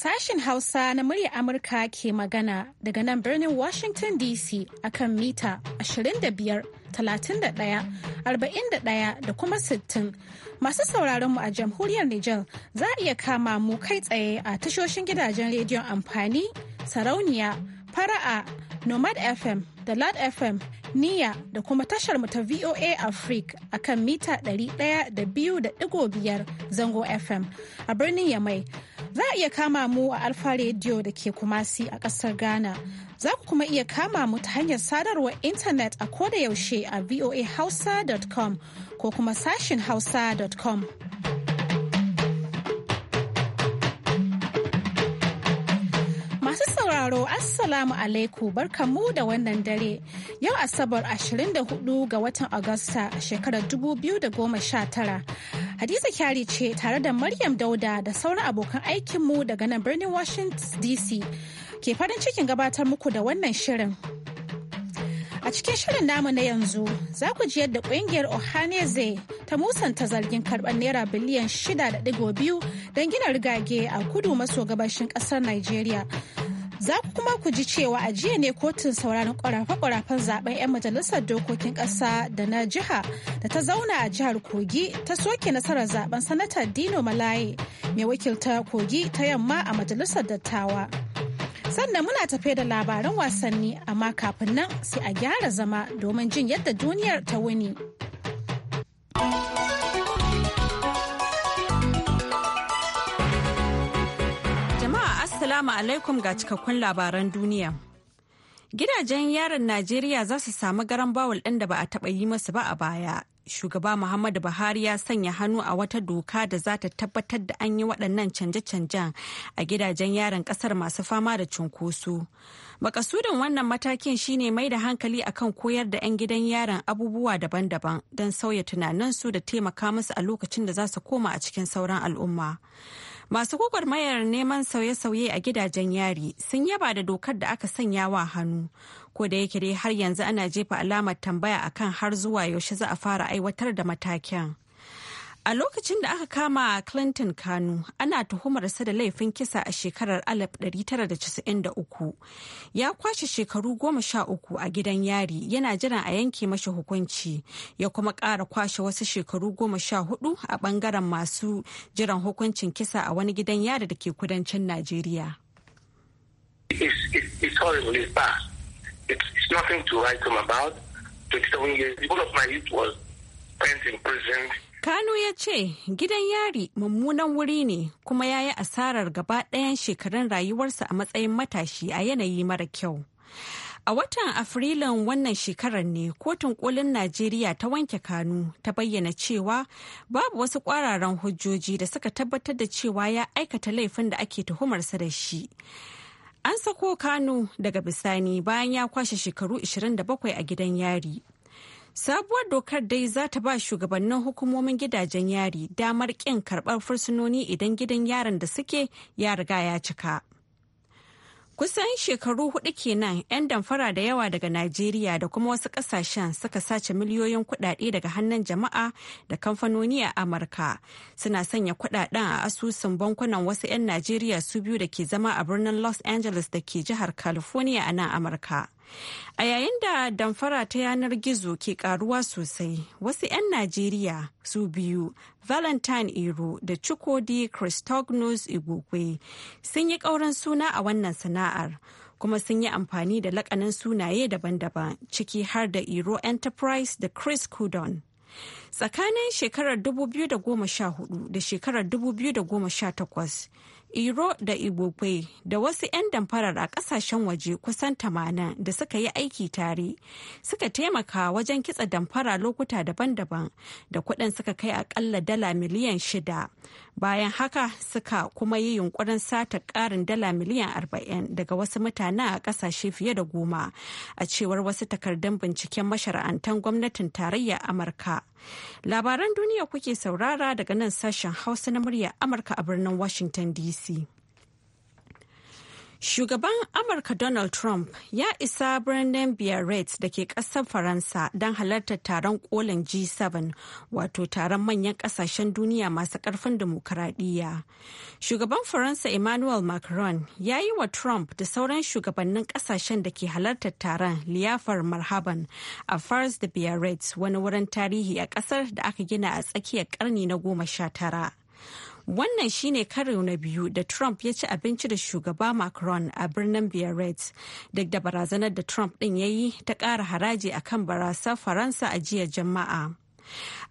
Sashen Hausa na murya Amurka ke magana daga nan birnin Washington DC a kan mita 25, 41 da kuma 60. Masu sauraron mu a jamhuriyar Nijar za a iya kama mu kai tsaye a tashoshin gidajen rediyon amfani, sarauniya, fara'a, Nomad FM da Lad FM niya da kuma tashar mu ta VOA Africa a kan mita 102.5 zango FM a birnin Yamai. Za a iya kama mu a Alfa Radio da ke Kumasi a ƙasar Ghana. Za ku kuma iya kama mu ta hanyar sadarwar intanet a koda yaushe a voahausa.com ko kuma sashin hausa.com. sauraro Assalamu alaikum barkamu da wannan dare. Yau Asabar 24 ga watan Agusta shekarar 2019. Hadiza Kyari ce tare da Maryam Dauda da sauran abokan aikinmu daga nan birnin Washington DC ke farin cikin gabatar muku da wannan shirin. A cikin shirin namu na yanzu za ku ji yadda kungiyar Ohaneze ta musanta zargin karɓar naira biliyan 6.2 don gina rigage a kudu maso gabashin ƙasar Najeriya. Za kuma ku ji cewa a jiya ne kotun sauraron kwarafe-kwarafen zaben 'yan majalisar dokokin ƙasa da na jiha da ta zauna a jihar Kogi ta soke nasarar zaben sanatar Dino Malaye mai wakilta Kogi ta yamma a majalisar dattawa. Sannan muna tafe da labaran wasanni amma kafin nan sai a gyara zama domin jin yadda duniyar ta wuni. Assalamu alaikum ga cikakkun labaran duniya. Gidajen yaron Najeriya za su samu garan bawul ɗin da ba a taɓa yi masu ba a baya. Shugaba Muhammadu Buhari ya sanya hannu a wata doka da za ta tabbatar da an yi waɗannan canje-canjen a gidajen yaron ƙasar masu fama da cunkoso. Makasudin wannan matakin shine mai da hankali akan koyar da 'yan gidan yaron abubuwa daban-daban don sauya tunaninsu da taimaka musu a lokacin da za su koma a cikin sauran al'umma. Masu gwagwarmayar neman sauye-sauye a gidajen yari sun yaba da dokar da aka sanya wa hannu. Ko da yake dai har yanzu ana jefa alamar tambaya akan har zuwa yaushe za a fara aiwatar da matakin. A lokacin da aka kama Clinton Kanu ana tuhumarsa da laifin kisa a shekarar 1993 ya kwashe shekaru goma sha uku a gidan yari yana jiran a yanke mashi hukunci ya kuma ƙara kwashe wasu shekaru goma sha hudu a bangaren masu jiran hukuncin kisa a wani gidan yari da ke kudancin Najeriya. It's it's It's, Kano ya ce gidan yari mummunan wuri ne kuma ya yi asarar gaba ɗayan shekarun rayuwarsa a matsayin matashi a yanayi mara kyau. A watan Afrilun wannan shekarar ne kotun kolin Najeriya ta wanke Kanu ta bayyana cewa babu wasu kwararan hujjoji da suka tabbatar da cewa ya aikata laifin da ake tuhumarsa da shi. An sako Kano daga bisani bayan ya kwashe shekaru 27 a gidan yari. Sabuwar dokar dai za ta ba shugabannin hukumomin gidajen yari damar ƙin karɓar fursunoni idan gidan yaron da suke ya riga ya cika. Kusan shekaru hudu kenan 'yan damfara da yawa daga Najeriya da kuma wasu ƙasashen suka sace miliyoyin kudade daga hannun jama'a da kamfanoni a Amurka. Suna sanya kudaden a asusun bankunan wasu 'yan Najeriya su biyu da ke zama a birnin Los Angeles da ke jihar California a nan Amurka. A yayin da damfara ta yanar gizo ke karuwa sosai, wasu 'yan Najeriya su biyu, Valentine Iro da Chukwudi Christognus Igokwe, sun yi ƙauran suna a wannan sana'ar. kuma sun yi amfani da lakanin sunaye daban-daban ciki har da Iro Enterprise da Chris Kudon. Tsakanin shekarar 2014 da shekarar 2018 iro da Igbokwe da wasu 'yan damfarar a kasashen waje kusan tamanin da suka yi aiki tare suka taimaka wajen kitsa damfara lokuta daban-daban da kuɗin suka kai akalla dala miliyan shida bayan haka suka kuma yi yunkurin sata karin dala miliyan 40 daga wasu mutane a kasashe fiye da goma a cewar wasu takardun binciken mashara'antan gwamnatin tarayya amurka labaran duniya kuke saurara daga nan sashen hausa na murya amurka a birnin washington dc Shugaban Amurka Donald Trump ya isa birnin Biarritz da ke ƙasar Faransa don halartar taron kolin G7 wato taron manyan ƙasashen duniya masu ƙarfin demokuraɗiyya. Shugaban Faransa Emmanuel Macron ya yi wa Trump da sauran shugabannin ƙasashen da ke halartar taron liyafar marhaban a Fars da Biarritz wani wurin tarihi a ƙasar da aka gina a tsakiyar ƙarni na goma sha tara. Wannan shine karo na biyu da Trump ya ci abinci da shugaba Macron a birnin Biarritz duk da barazanar da Trump ɗin yayi ta ƙara haraji akan barasar Faransa a jiya jama'a.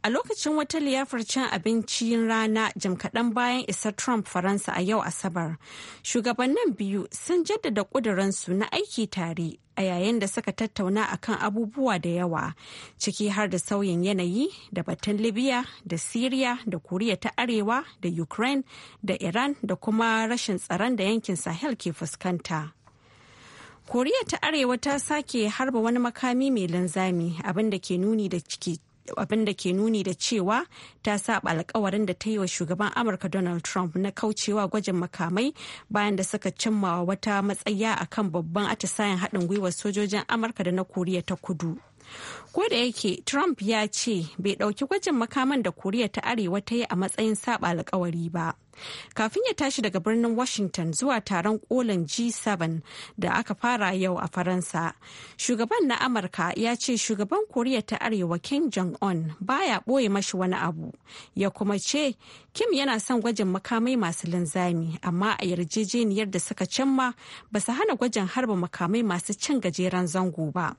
A lokacin wata liyafar cin abincin rana jim kaɗan bayan isar Trump Faransa a yau Asabar, shugabannin biyu sun jaddada ƙuduransu na aiki tare a yayin da suka tattauna akan abubuwa da yawa, ciki har da sauyin yanayi da batun Libya da Siriya da Koriya ta Arewa da Ukraine da Iran da kuma rashin tsaron da yankin Sahel ke fuskanta. koriya ta arewa ta sake harba wani makami mai linzami abinda ke nuni da ciki abin da ke nuni da cewa ta saba alkawarin da ta yi wa shugaban amurka donald trump na kaucewa gwajin makamai bayan da suka cimma wata matsaya kan babban atisayen haɗin gwiwar sojojin amurka da na koriya ta kudu ko da yake trump ya ce bai ɗauki gwajin makaman da koriya ta arewa ta yi a matsayin saba alkawari ba Kafin ya tashi daga birnin Washington zuwa taron kolin G7 da aka fara yau a Faransa. Shugaban na Amurka ya ce shugaban Koriya ta Arewa Kim Jong-un baya ɓoye mashi wani abu. Ya kuma ce Kim yana son gwajin makamai masu linzami amma a yarjejeniyar da suka cimma ba su hana gwajin harba makamai masu cin gajeren zango ba.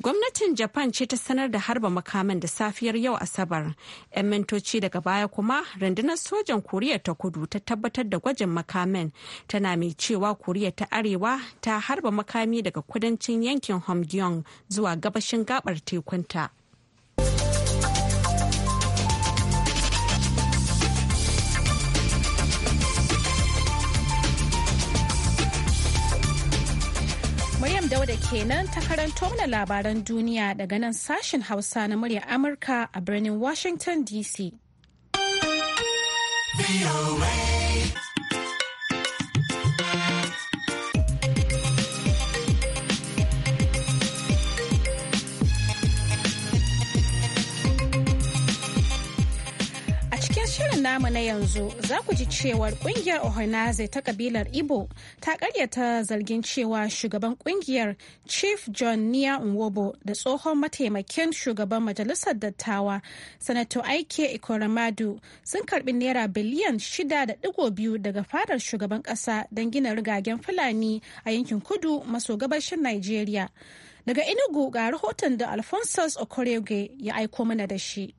Gwamnatin Japan ce ta sanar da harba makaman da safiyar yau Asabar. 'Yan mintoci daga baya kuma rundunar sojan Koriya ta kudu ta tabbatar da gwajin makamin tana mai cewa Koriya ta Arewa ta harba makami daga kudancin yankin Hamgyong zuwa gabashin gabar tekunta. Dauda kenan ta karanto mana labaran duniya daga nan sashen Hausa na murya Amurka a birnin Washington DC. shirin namu na yanzu za ku ji cewar kungiyar Ohanaze ta kabilar Igbo ta karyata zargin cewa shugaban kungiyar Chief John Nia Nwobo da tsohon mataimakin shugaban majalisar dattawa Sanato Aike Ikoramadu sun karbi naira biliyan 6.2 daga fadar shugaban kasa don gina rigagen Fulani a yankin kudu maso gabashin nigeria Daga inugu ga rahoton da Alphonsus Okorege ya aiko mana da shi.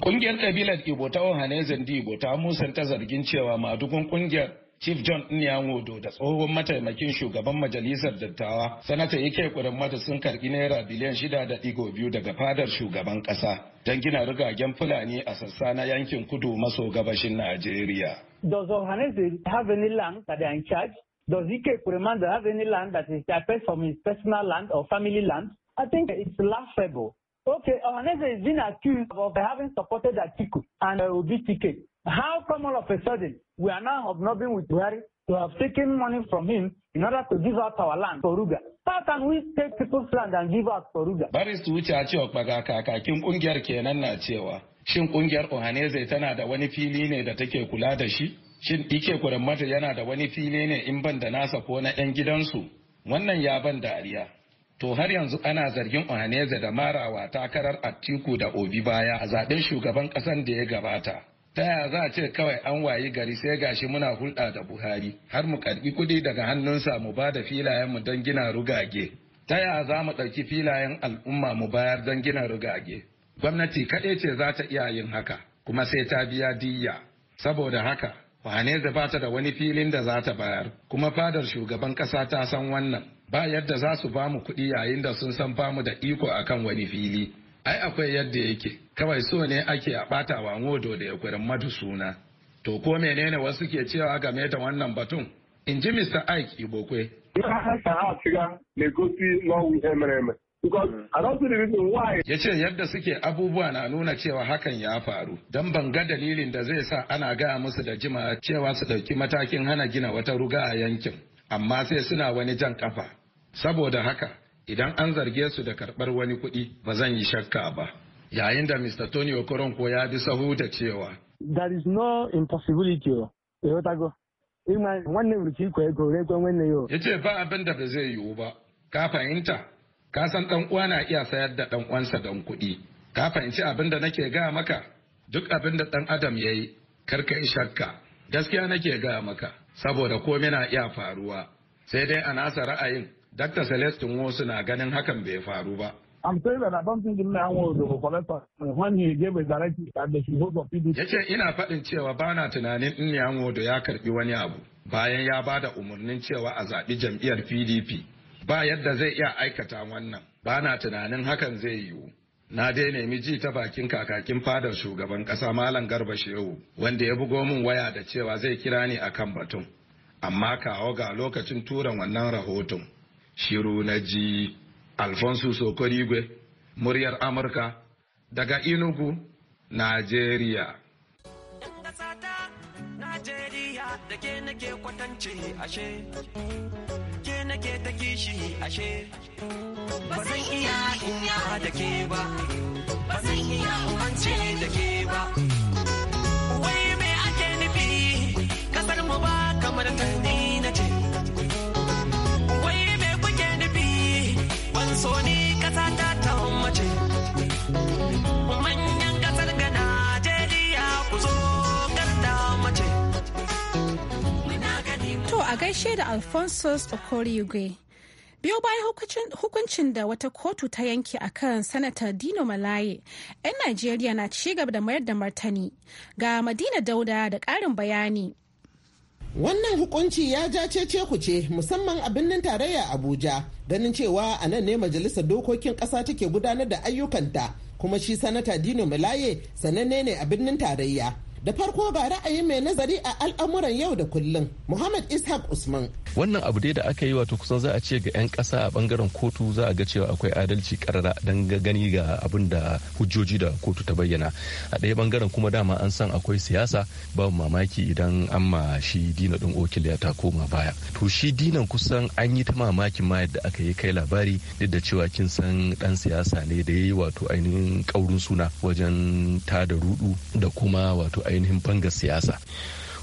Kungiyar kabilar Igbo ta ohane di Igbo ta musanta zargin cewa madugun kungiyar Chief John Nyanwodo da tsohon mataimakin shugaban majalisar dattawa, Sanata yake kudin mata sun karbi naira biliyan shida da digo biyu daga fadar shugaban ƙasa, don gina rigagen Fulani a sassa na yankin kudu maso gabashin Najeriya. Does Ohaneze have any land that they are in charge? Does Ike that have any land that is separate from his personal land or family land? I think it's laughable. Okay, Ohaneze is being accused of having supported Atiku and uh, OBTK. How come all of a sudden we are now hobnobbing with Buhari to have taken money from him in order to give out our land for Ruga? How can we take people's land and give out for Ruga? Baris wuce a cewa ɓaga kakakin ƙungiyar kenan na cewa shin ƙungiyar Ohaneze tana da wani fili ne da take kula da shi? Shin Ike mata yana da wani fili ne in ban da nasa ko na 'yan gidansu? Wannan ya ban dariya. to har yanzu ana zargin ohaneze da marawa takarar atiku da obi baya a zaɓen shugaban ƙasan da ya gabata ta yaya za a ce kawai an wayi gari sai gashi muna hulɗa da buhari har mu karbi kuɗi daga hannunsa mu ba da mu don gina rugage ta yaya za mu ɗauki filayen al'umma mu bayar don gina rugage gwamnati kaɗai ce za ta iya yin haka kuma sai ta biya diyya saboda haka Ohaneze bata da wani filin da za ta bayar kuma fadar shugaban ƙasa ta san wannan ba yadda za su ba mu kuɗi yayin da sun san ba mu da iko akan wani fili ai akwai yadda yake kawai so ne ake a ɓata wa ngodo da ya kurin madu suna to ko menene wasu ke cewa game da wannan batun in ji mr ike ibokwe ya ce yadda suke abubuwa na nuna cewa hakan ya faru don ban ga dalilin da zai sa ana gaya musu da jima cewa su ɗauki matakin hana gina wata ruga a yankin amma sai suna wani jan kafa Saboda haka, idan an zarge su da karɓar wani kuɗi ba zan yi shakka ba. Yayin da Mr. Tony Okoron ko ya bi sahu da cewa. There is no impossibility yo, oh. eh, wannan riki ko ego regon wannan yo. Ya ba abin da ba zai yiwu ba. Ka fahimta? Ka san ɗan uwa na iya sayar da ɗan uwansa dan kuɗi. Ka fahimci abin da nake ga maka? Duk abin da ɗan Adam yayi yi, ka yi shakka. Gaskiya nake ga maka, saboda komai na iya faruwa. Sai dai a nasa ra'ayin Dr. Celestin Nwosu na ganin hakan bai faru ba. I'm saying that I don't think Nnan was the collector when he gave a directive at the of PDP. Yace ina faɗin cewa ba na tunanin in Nnan Wodo ya karɓi wani abu bayan ya bada da umarnin cewa a zaɓi jam'iyyar PDP. Ba yadda zai iya aikata wannan, ba na tunanin hakan zai yiwu. Na dai nemi ji ta bakin kakakin fadar shugaban ƙasa Malam Garba Shehu wanda ya bugo min waya da cewa zai kira ni akan batun. Amma kawo ga lokacin turan wannan rahoton. shiru na ji alfonso sokorigwe muryar amurka daga inugu najeriya da ke nake kwatance ashe ke nake ta kishi ashe ba zan iya inya da ke ba ba zan iya gaishe da alphonsus okoriugwe biyo bayan hukuncin da wata kotu ta yanke a kan sanata dino malaye 'yan najeriya na ci gaba da mayar da martani ga madina dauda da karin bayani wannan hukunci ya ja cece ce musamman a birnin tarayya abuja ganin cewa a nan ne majalisar dokokin kasa take gudanar da ayyukanta kuma shi sanata dino malaye sananne ne a birnin tarayya Da farko ga ra'ayi mai nazari a al'amuran yau da kullum Muhammad Ishaq Usman. Wannan abu dai da aka yi wato kusan za a ce ga 'yan kasa a bangaren kotu za a ga cewa akwai adalci karara don gani ga abun da hujjoji da kotu ta bayyana. A ɗaya bangaren kuma dama an san akwai siyasa babu mamaki idan an ma shi dina ɗin okil ya ta koma baya. To shi dinan kusan an yi ta mamakin ma yadda aka yi kai labari duk da cewa kin san ɗan siyasa ne da ya yi wato ainihin kaurin suna wajen tada rudu da kuma wato ainihin bangar siyasa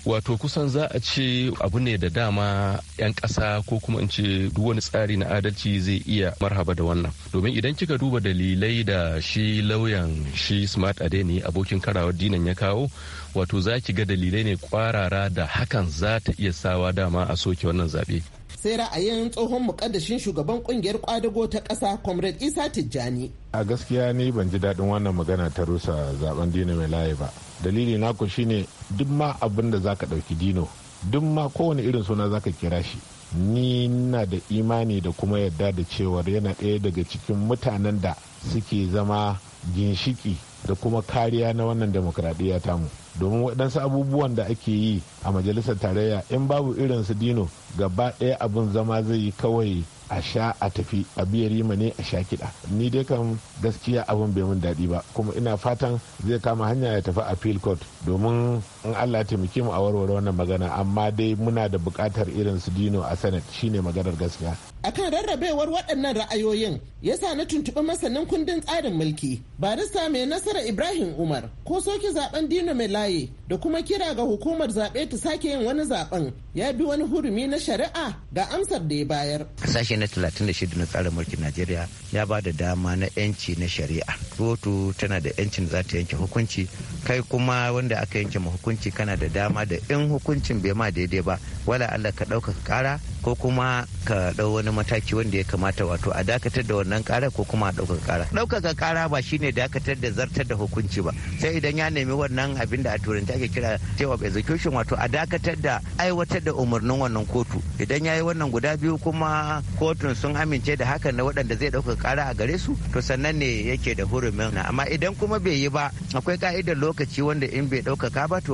wato kusan za a ce abu ne da dama 'yan ƙasa ko kuma in ce duk wani tsari na adalci zai iya marhaba da wannan domin idan kika duba dalilai da shi lauyan shi smart adeni abokin karawar dinan ya kawo wato za ki ga dalilai ne kwarara da hakan za ta iya sawa dama a soke wannan zaɓe sai ra'ayin tsohon mukaddashin shugaban kungiyar kwadago ta ƙasa comrade isa tijjani a gaskiya ni ban ji daɗin wannan magana ta rusa zaben dino mai layi ba dalili naku shine duk ma abin da zaka ɗauki dino duk ma kowane irin suna zaka kira shi ni na da imani da kuma yadda da cewar yana ɗaya daga cikin mutanen da suke zama ginshiki da kuma kariya na wannan demokradiyya tamu domin waɗansu abubuwan da ake yi a majalisar tarayya in babu irin su dino gaba ɗaya abin zama zai yi kawai a sha a tafi a biyar rima ne a sha kiɗa ni dai kam gaskiya abin bai min daɗi ba kuma ina fatan zai kama hanya ya tafi a field court domin in allah taimake mu a warware wannan magana amma dai muna da buƙatar irin su dino a senate shine maganar gaskiya akan rarrabewar waɗannan ra'ayoyin ya sa na tuntuɓi masanin kundin tsarin mulki barista mai nasara ibrahim umar ko soke zaben Dina mai laye da kuma kira ga hukumar zaɓe ta sake yin wani zaben ya bi wani hurumi na shari'a ga amsar da ya bayar sashe na 36 na tsarin mulkin najeriya ya ba da dama na yanci na shari'a kotu tana da yancin za ta yanke hukunci kai kuma wanda aka yanke ma hukunci kana da dama da in hukuncin bai ma daidai ba wala allah ka ɗaukaka kara ko kuma ka ɗau wani mataki wanda ya kamata wato a dakatar da wannan ƙara ko kuma a ɗaukaka ƙara ɗaukaka ƙara ba shine dakatar da zartar da hukunci ba sai idan ya nemi wannan abin da a turanci ake kira cewa execution wato a dakatar da aiwatar da umarnin wannan kotu idan ya yi wannan guda biyu kuma kotun sun amince da hakan na waɗanda zai ɗaukaka ƙara a gare su to sannan ne yake da hurumin amma idan kuma bai yi ba akwai ka'idar lokaci wanda in bai ɗaukaka ba to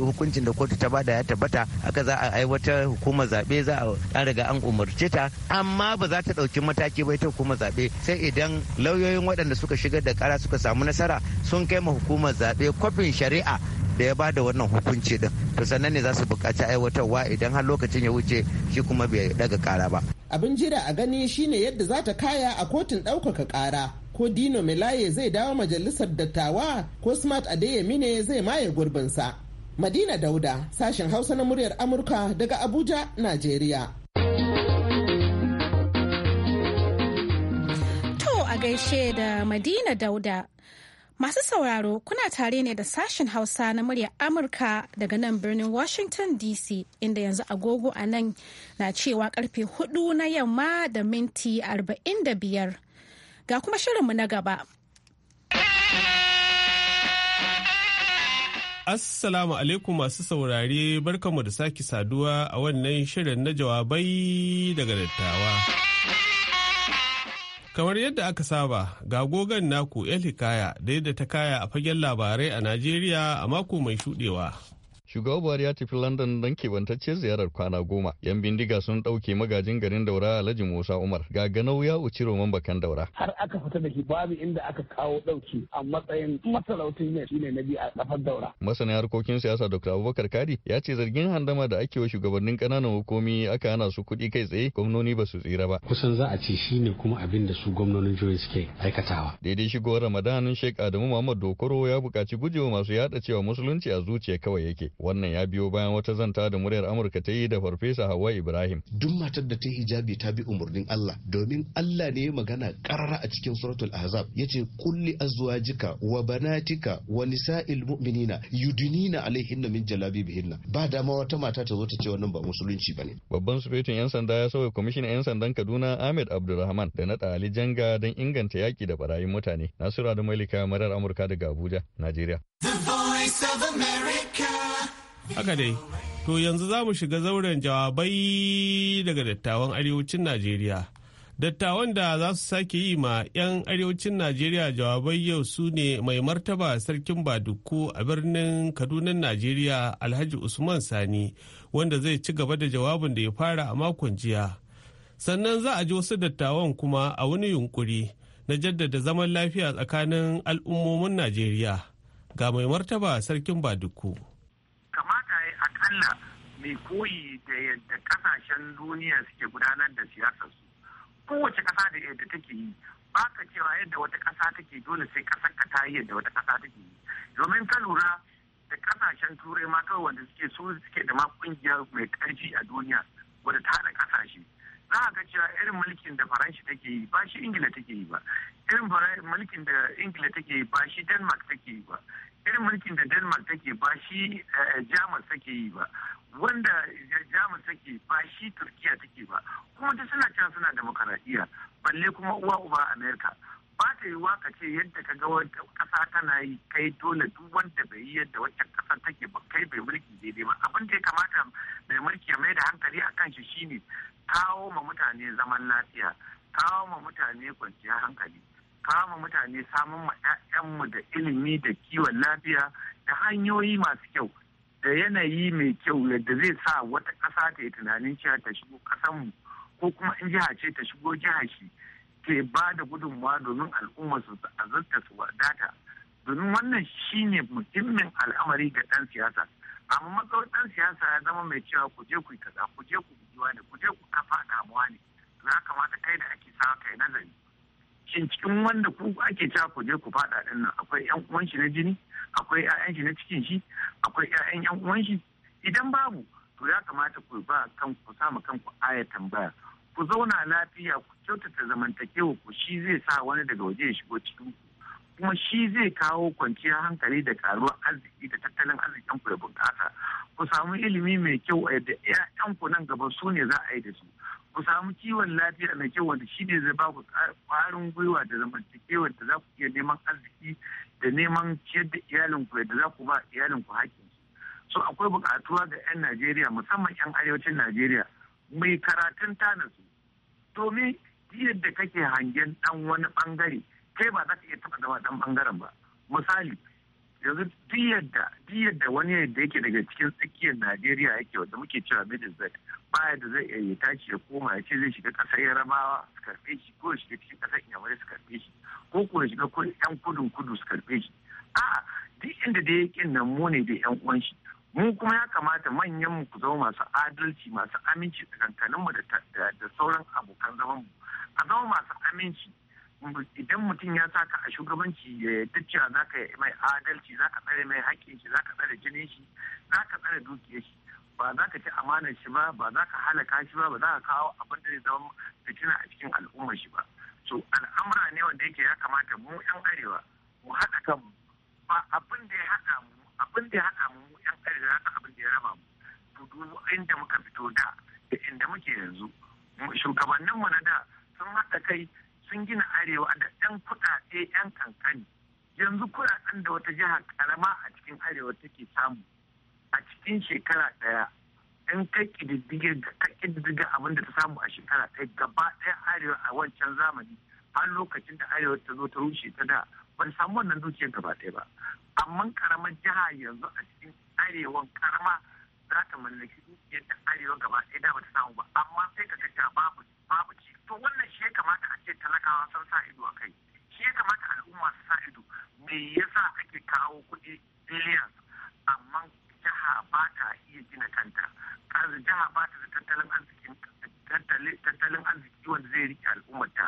hukuncin da kotu ta bada ya tabbata haka za a aiwatar hukumar zaɓe za a an riga an umarce ta amma ba za ta ɗauki mataki ba ita hukumar zaɓe sai idan lauyoyin waɗanda suka shigar da ƙara suka samu nasara sun kai ma hukumar zaɓe kwafin shari'a da ya ba da wannan hukunci din to sannan ne za su buƙaci aiwatarwa idan har lokacin ya wuce shi kuma bai daga ƙara ba. abin jira a gani shine yadda za ta kaya a kotun ɗaukaka ƙara ko dino melaye zai dawo majalisar dattawa ko smart adeyemi ne zai maye gurbinsa. Madina Dauda, sashen Hausa na muryar Amurka daga Abuja, Najeriya. To a gaishe da Madina Dauda. Masu sauraro kuna tare ne da sashen Hausa na muryar Amurka daga nan birnin Washington DC inda yanzu agogo a nan na cewa karfe hudu na yamma da minti 45. Ga kuma shirinmu na gaba. Assalamu alaikum masu saurare barkamu da sake saduwa a wannan shirin na jawabai daga dattawa. Kamar yadda aka saba, ga gogon naku El Hikaya da yadda ta kaya a fagen labarai a Najeriya a mako mai shudewa. Shugaba Buhari ya tafi London don kebantacce ziyarar kwana goma. Yan bindiga sun ɗauke magajin garin Daura Alhaji Musa Umar. ga ganau ya uci roman bakan Daura. Har aka fita da shi babu inda aka kawo ɗauki a matsayin masarautin ne shine na biyu a kafar Daura. masanin harkokin siyasa Dr. Abubakar Kadi ya ce zargin handama da ake wa shugabannin kananan hukumi aka hana su kuɗi kai tsaye gwamnoni ba su tsira ba. Kusan za a ce shine kuma abin da su gwamnonin jihohi suke aikatawa. Daidai shigowar ramadan Sheikh Adamu Muhammad Dokoro ya bukaci gujewa masu yaɗa cewa musulunci a zuciya kawai yake. Wannan ya biyo bayan wata zanta da muryar Amurka ta yi da Farfesa Hauwa Ibrahim. Duk matar da ta hijabi ta bi umarnin Allah domin Allah ne ya magana karara a cikin suratul Ahzab ce kulli azwajika wa banatika wa nisa'il mu'minina yudinina alaihinna min jalabibihinna. Ba dama wata mata ta zo ta ce wannan ba musulunci bane. Babban sufetin 'yan sanda ya sauya kwamishinan 'yan sandan Kaduna Ahmed Abdulrahman da na ɗali Janga don inganta yaƙi da barayin mutane. Nasiru da Malika Marar Amurka daga Abuja, Najeriya. Haka dai, to yanzu za mu shiga zauren jawabai daga dattawan arewacin Najeriya. Dattawan da za su sake yi ma 'yan arewacin Najeriya jawabai yau su ne mai martaba sarkin Baduku a birnin Kaduna Najeriya Alhaji Usman Sani wanda zai ci gaba da jawabin da ya fara a makon jiya. Sannan za a ji wasu dattawan kuma a wani yunkuri na jaddada zaman lafiya tsakanin al'ummomin Najeriya ga mai martaba sarkin Baduku. Allah mai koyi da yadda kasashen duniya suke gudanar da siyasar su kowace ƙasa da yadda take yi ba ka cewa yadda wata kasa take dole sai kasar ka ta yi yadda wata kasa take yi domin ka lura da kasashen turai ma kawai wanda suke su suke da ma kungiya mai karfi a duniya wadda ta da kasashe za ka cewa irin mulkin da faranshi take yi ba shi ingila take yi ba irin mulkin da ingila take yi ba shi denmark take yi ba irin mulkin da denmark take ba shi eh, jamus take yi ba wanda jamus take ba shi turkiya take ba kuma duk suna can suna demokaradiyya balle kuma uwa uba amerika ba ta yi waka ce yadda ka ga wata kasa tana yi kai dole duk wanda bai yi yadda wata kasa take ba kai bai mulki daidai ba abin da ya kamata mai mulki ya mai da hankali a kan shi shine kawo ma mutane zaman lafiya kawo ma mutane kwanciyar hankali kama mutane samun ma 'ya'yanmu da ilimi da kiwon lafiya da hanyoyi masu kyau da yanayi mai kyau yadda zai sa wata ƙasa ta yi tunanin cewa ta shigo ƙasanmu ko kuma in jiha ce ta shigo jiha shi ke ba da gudunmawa domin al'umma su azurta su wadata domin wannan shine muhimmin al'amari ga ɗan siyasa amma matsawar ɗan siyasa ya zama mai cewa ku je ku yi kaza ku je ku gujewa ne ku je ku kafa damuwa ne za kamata kai da ake sa kai nazari shin cikin wanda ku ake ta ku je ku faɗa ɗin nan akwai yan uwan shi na jini akwai ƴaƴan shi na cikin shi akwai ƴaƴan yan uwan shi idan babu to ya kamata ku ba kanku sama kanku aya tambaya ku zauna lafiya ku kyautata zamantakewa ku shi zai sa wani daga waje ya shigo cikin ku kuma shi zai kawo kwanciyar hankali da karuwar arziki da tattalin arzikin ku da bunƙasa ku samu ilimi mai kyau da ƴaƴan ku nan gaba su ne za a yi da su ku samu kiwon lafiya na kyau wanda shi ne zai ba ku ƙwarin gwiwa da zamantakewar da za ku iya neman arziki da neman ciyar da iyalinku yadda za ku ba iyalinku hakkin so akwai buƙatuwa ga 'yan najeriya musamman 'yan arewacin najeriya mai karatun tanasu domin yadda kake hangen dan wani bangare kai ba za ka iya taɓa zama dan bangaren ba misali yanzu diyar da wani yadda yake daga cikin tsakiyar najeriya yake wanda muke cewa middle zai baya da zai iya ce ya koma ya ce zai shiga kasar yarabawa su karbe shi ko ya shiga cikin kasar inyamurai su karbe shi ko ko ya shiga yan kudun kudu su shi a duk inda da yake nan mu ne da yan uwan shi mu kuma ya kamata manyan mu ku zama masu adalci masu aminci tsakankanin mu da sauran abokan zaman mu a zama masu aminci idan mutum ya saka a shugabanci ya yadda cewa za ka mai adalci za ka tsare mai haƙƙin shi za ka tsare jinin shi za ka tsare dukiyar shi ba za ka ci amanar shi ba ba za ka halaka shi ba ba za ka kawo abin da zai zama fitina a cikin al'umma shi ba to al'amura ne wanda yake ya kamata mu yan arewa mu haɗa kan ba abin da ya haɗa mu abin da ya haɗa mu yan arewa ya abin da ya raba mu to duk inda muka fito da da inda muke yanzu shugabanninmu na da sun haɗa kai sun gina arewa da 'yan kuɗaɗe 'yan kankani yanzu kuɗaɗen da wata jiha karama a cikin arewa take samu a cikin shekara ɗaya in kai ƙididdiga abin da ta samu a shekara ɗaya gaba ɗaya arewa a wancan zamani har lokacin da arewa ta zo ta rushe ta da ba ta samu wannan dukiyar gaba ɗaya ba amma karamar jiha yanzu a cikin arewa karama za ta mallaki dukiyar da arewa gaba ɗaya da ba ta samu ba amma sai ka ga babu babu ci to wannan shi ya kamata a ce talakawa sun sa ido a kai shi ya kamata al'umma su sa ido me yasa ake kawo kuɗi billions amma jiha ba ta iya gina kanta jiha ba ta da tattalin arzikin tattalin arziki wanda zai rike al'ummarta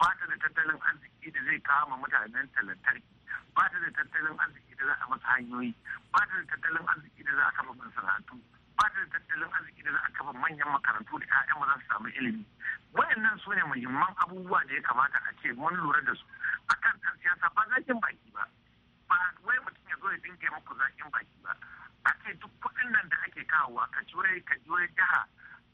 ba ta da tattalin arziki da zai kama mutanen talantarki ba ta da tattalin arziki da za a masa hanyoyi ba ta da tattalin arziki da za a kama masana'antu bata da tattalin arziki da za a kafa manyan makarantu da 'ya'yan ba za su samu ilimi wayannan su ne muhimman abubuwa da ya kamata a ce mun lura da su akan kan siyasa ba zakin baki ba ba wai mutum ya zo ya dinga muku zakin baki ba a ce duk kuɗin nan da ake kawowa ka juye ka juye jiha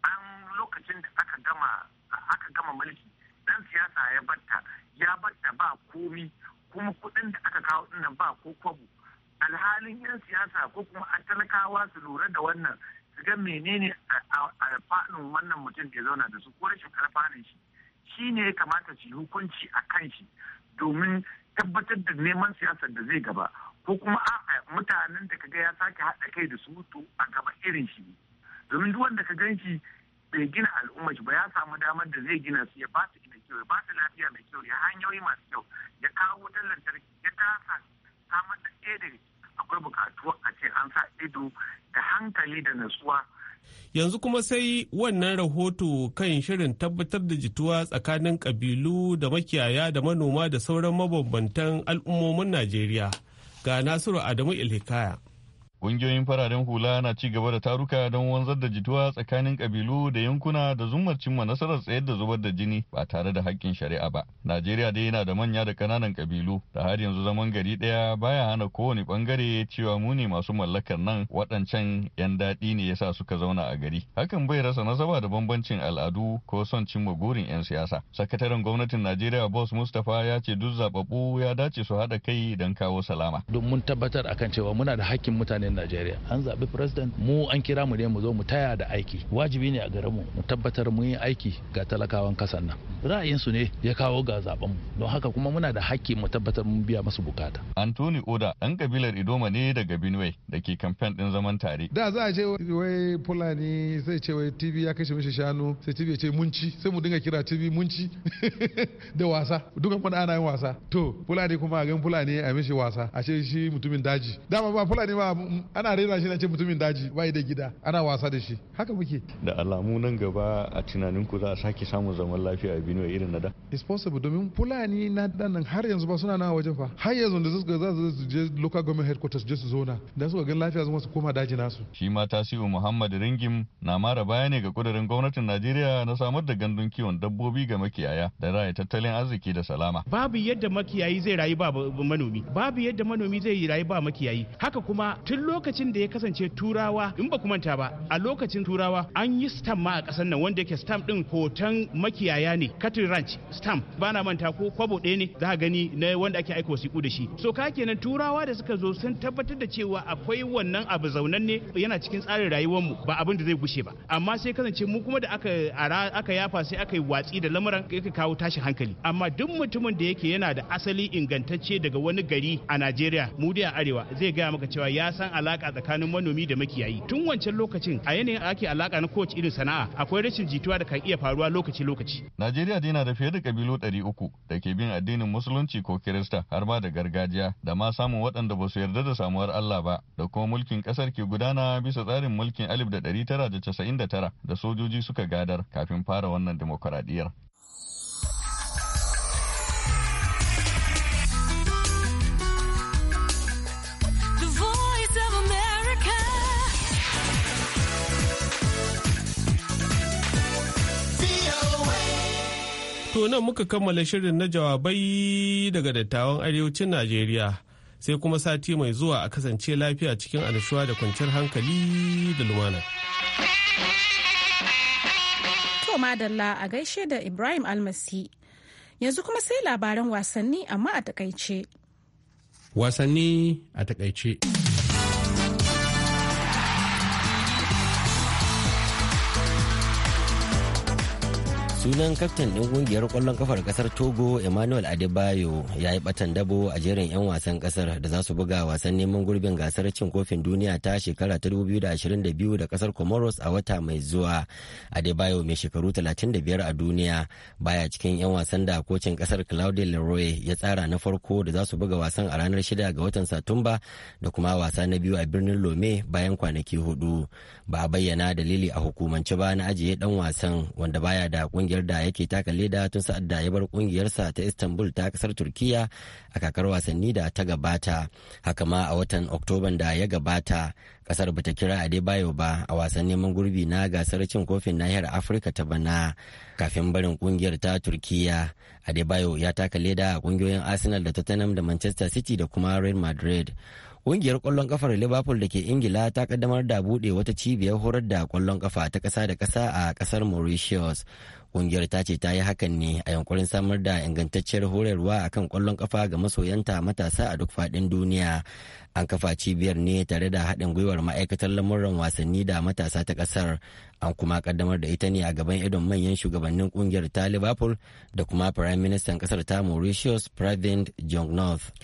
an lokacin da aka gama aka gama mulki dan siyasa ya batta ya batta ba komi kuma kuɗin da aka kawo ɗin nan ba ko kwabo alhalin yan siyasa ko kuma a talakawa su lura da wannan su ga menene alfanun wannan mutum ya zauna da su ko rashin alfanun shi shi ne ya kamata su hukunci a kan shi domin tabbatar da neman siyasar da zai gaba ko kuma a mutanen da kaga ya sake haɗa kai da su to a gaba irin shi domin duk wanda ka gan shi bai gina al'umma shi ba ya samu damar da zai gina su ya ba su gina kyau ya ba su lafiya mai kyau ya hanyoyi masu kyau ya kawo wutar lantarki ya kasa samar da ɗaya daga akwai bukatu a ce an sa ido da hankali da natsuwa yanzu kuma sai wannan rahoto kan shirin tabbatar da jituwa tsakanin kabilu da makiyaya da manoma da sauran mabambantan al'ummomin najeriya ga nasiru adamu ilhikaya Ƙungiyoyin fararen hula na ci gaba da taruka don wanzar da jituwa tsakanin ƙabilu da yankuna da zummar cimma nasarar tsayar da zubar da jini ba tare da haƙƙin shari'a ba. Najeriya dai yana da manya da ƙananan ƙabilu da har yanzu zaman gari ɗaya baya hana kowane ɓangare cewa mu ne masu mallakar nan waɗancan 'yan daɗi ne ya sa suka zauna a gari. Hakan bai rasa nasaba da bambancin al'adu ko son cimma gurin 'yan siyasa. Sakataren gwamnatin Najeriya Boss Mustapha ya ce duk zaɓaɓɓu ya dace su haɗa kai don kawo salama. Don mun tabbatar akan cewa muna da haƙƙin mutane 'yan najeriya an zaɓi president mu an kira mu ne mu zo mu taya da aiki wajibi ne a garin mu mu tabbatar mun yi aiki ga talakawan kasan nan ra'ayinsu ne ya kawo ga zaben mu don haka kuma muna da hakki mu tabbatar mu biya masu bukata antoni oda ɗan kabilar idoma ne daga benue da ke kamfen ɗin zaman tare da za a ce wai fulani sai ce wai tv ya kashe mishi shanu sai tv ya ce munci sai mu dinga kira tv munci da wasa duka kuma ana wasa to fulani kuma a gan fulani a mishi wasa a ce shi mutumin daji dama ba fulani ba ana rera shi na ce mutumin daji bai da gida ana wasa da shi haka muke da alamu nan gaba a tunanin ku za a sake samun zaman lafiya a Benue irin na da is possible domin fulani na dan har yanzu ba suna na wajen fa har yanzu da suka za su je local government headquarters je su zona da suka ga lafiya zama su koma daji nasu shi ma tasiru Muhammad Ringim na mara baya ne ga kudirin gwamnatin Najeriya na samar da gandun kiwon dabbobi ga makiyaya da raya tattalin arziki da salama babu yadda makiyayi zai rayu ba manomi babu yadda manomi zai rayu ba makiyayi haka kuma tun lokacin da ya kasance turawa in ba manta ba a lokacin turawa an yi stamp ma a kasar nan wanda yake stamp din hoton makiyaya ne cattle ranch stamp bana manta ko kwabo ɗaya ne za gani na wanda ake aika wasiƙu da shi so ka kenan turawa da suka zo sun tabbatar da cewa akwai wannan abu zaunan ne yana cikin tsarin rayuwar mu ba abin da zai gushe ba amma sai kasance mu kuma da aka ara aka yafa sai aka yi watsi da lamuran yake kawo tashin hankali amma duk mutumin da yake yana da asali ingantacce daga wani gari a Najeriya mu dai a arewa zai gaya maka cewa ya san alaka tsakanin manomi da makiyayi tun wancan lokacin a yanayin ake alaka na kowace irin sana'a akwai rashin jituwa da kan iya faruwa lokaci lokaci Najeriya dai na da fiye da kabilu 300 da ke bin addinin musulunci ko kirista har ma da gargajiya da ma samun waɗanda ba su yarda da samuwar Allah ba da kuma mulkin ƙasar ke gudana bisa tsarin mulkin 1999 da sojoji suka gadar kafin fara wannan dimokuraɗiyyar To nan muka kammala shirin na jawabai daga dattawan arewacin Najeriya sai kuma sati mai zuwa a kasance lafiya cikin annashuwa da kwanciyar hankali da lumana. To madalla a gaishe da Ibrahim Almasi. Yanzu kuma sai labaran wasanni amma a takaice. Wasanni a takaice. sunan kaftan ɗin ƙungiyar ƙwallon kafar ƙasar togo emmanuel adebayo ya yi ɓatan dabo a jerin 'yan wasan ƙasar da za su buga wasan neman gurbin gasar cin kofin duniya ta shekara ta 2022 da ƙasar comoros a wata mai zuwa adebayo mai shekaru biyar a duniya baya cikin 'yan wasan da kocin ƙasar claude leroy ya tsara na farko da za su buga wasan a ranar shida ga watan satumba da kuma wasa na biyu a birnin lome bayan kwanaki hudu ba a bayyana dalili a hukumance ba na ajiye dan wasan wanda baya da ƙungiyar kungiyar da yake taka leda tun sa'ad da ya bar kungiyarsa ta istanbul ta kasar turkiya a kakar wasanni da ta gabata haka ma a watan oktoban da ya gabata kasar bata kira adebayo ba a wasan neman gurbi na gasar cin kofin nahiyar afirka ta bana kafin barin kungiyar ta turkiya adebayo ya taka leda a kungiyoyin arsenal da tottenham da manchester city da kuma real madrid Ƙungiyar ƙwallon kafar Liverpool da ke Ingila ta kaddamar da buɗe wata cibiyar horar da ƙwallon kafa ta ƙasa da ƙasa a ƙasar Mauritius. Kungiyar ta ce ta yi hakan ne a yankurin samar da ingantacciyar horarwa akan kwallon kafa ga masoyanta matasa a duk faɗin duniya. An kafa cibiyar ne tare da haɗin gwiwar ma'aikatar lamuran wasanni da matasa ta ƙasar. An kuma kaddamar da ita ne a gaban idon manyan shugabannin kungiyar ta Liverpool da kuma prime minister ƙasar ta Mauritius Pravind Jugnauth.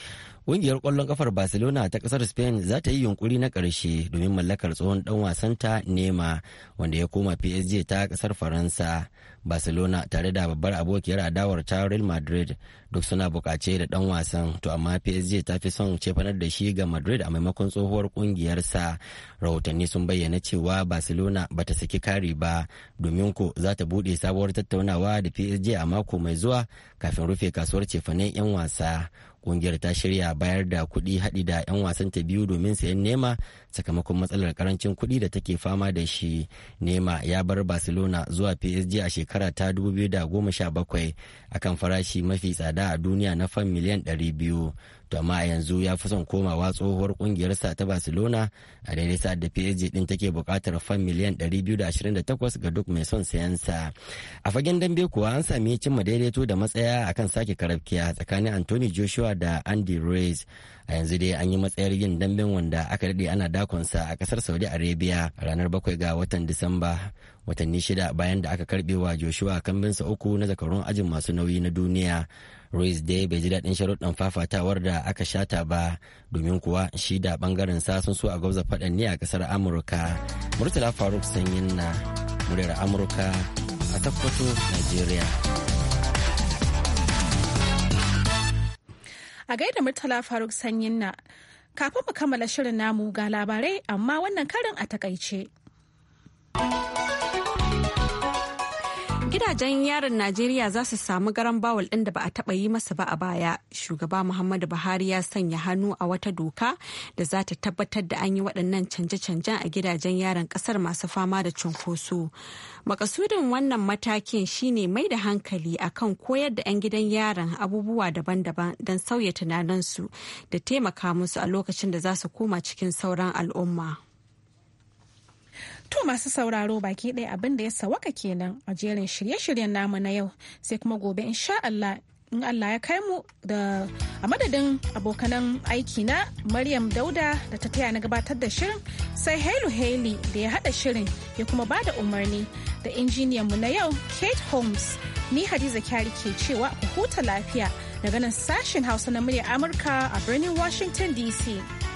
Ƙungiyar ƙwallon ƙafar Barcelona ta ƙasar Spain za ta yi yunkuri na ƙarshe domin mallakar tsohon ɗan wasanta Nema wanda ya koma PSG ta ƙasar Faransa. barcelona tare da babbar abokiyar adawar ta real madrid duk suna bukace da dan wasan to amma psg ta fi son cefanar da shi ga madrid a maimakon tsohuwar kungiyarsa rahotanni sun bayyana cewa barcelona ba ta saki kari ba domin ko za ta bude sabuwar tattaunawa da psg a mako mai zuwa kafin rufe kasuwar cefanen yan wasa kungiyar ta shirya bayar da kuɗi haɗi da 'yan wasan ta biyu domin sayan nema sakamakon matsalar karancin kuɗi da take fama da shi nema ya bar barcelona zuwa psg a shekara ta 2017 akan farashi mafi tsada a duniya na fan miliyan 200 to amma yanzu ya fi son komawa tsohuwar kungiyarsa ta barcelona a daidai sa'ad da psg din take bukatar fan miliyan 228 ga duk mai son sayansa a fagen dambe kuwa an sami cimma daidaito da matsaya akan sake karabkiya tsakanin anthony joshua da andy reyes a yanzu dai an yi matsayar yin damben wanda aka daɗe ana dakonsa a ƙasar saudi arabia ranar bakwai ga watan disamba watanni shida bayan da aka karbe wa joshua kambinsa uku na zakarun ajin masu nauyi na duniya ruiz dai bai ji daɗin sharuɗan fafatawar da aka shata ba domin kuwa shi da ɓangaren sa sun so a gauza faɗan ne a ƙasar amurka murtala faruk sanyin na muryar amurka a tabbato nigeria A gaida Murtala Faruk Sanyin na kafin mu kammala shirin namu ga labarai amma wannan karin a takaice. Gidajen yaron Najeriya za su samu garan bawul ɗin da ba a taɓa yi masa ba a baya. Shugaba Muhammadu Buhari ya sanya hannu a wata doka da za ta tabbatar da an yi waɗannan canje-canjen a gidajen yaron ƙasar masu fama da cunkoso. Makasudin wannan matakin shine mai da hankali a kan koyar da 'yan gidan yaron abubuwa daban-daban don sauya tunaninsu da taimaka musu a lokacin da za su koma cikin sauran al'umma. To masu sauraro baki ɗaya abin da ya sawaka kenan a jerin shirye-shiryen namu na yau sai kuma gobe insha Allah in Allah ya kai mu da a madadin abokanan aiki na Maryam Dauda da ta taya na gabatar da shirin sai Hailu hailey da ya hada shirin ya kuma ba da umarni da injiniyan mu na yau Kate Holmes ni Hadiza Kyari ke cewa ku huta lafiya daga nan sashen Hausa na muryar Amurka a birnin Washington DC.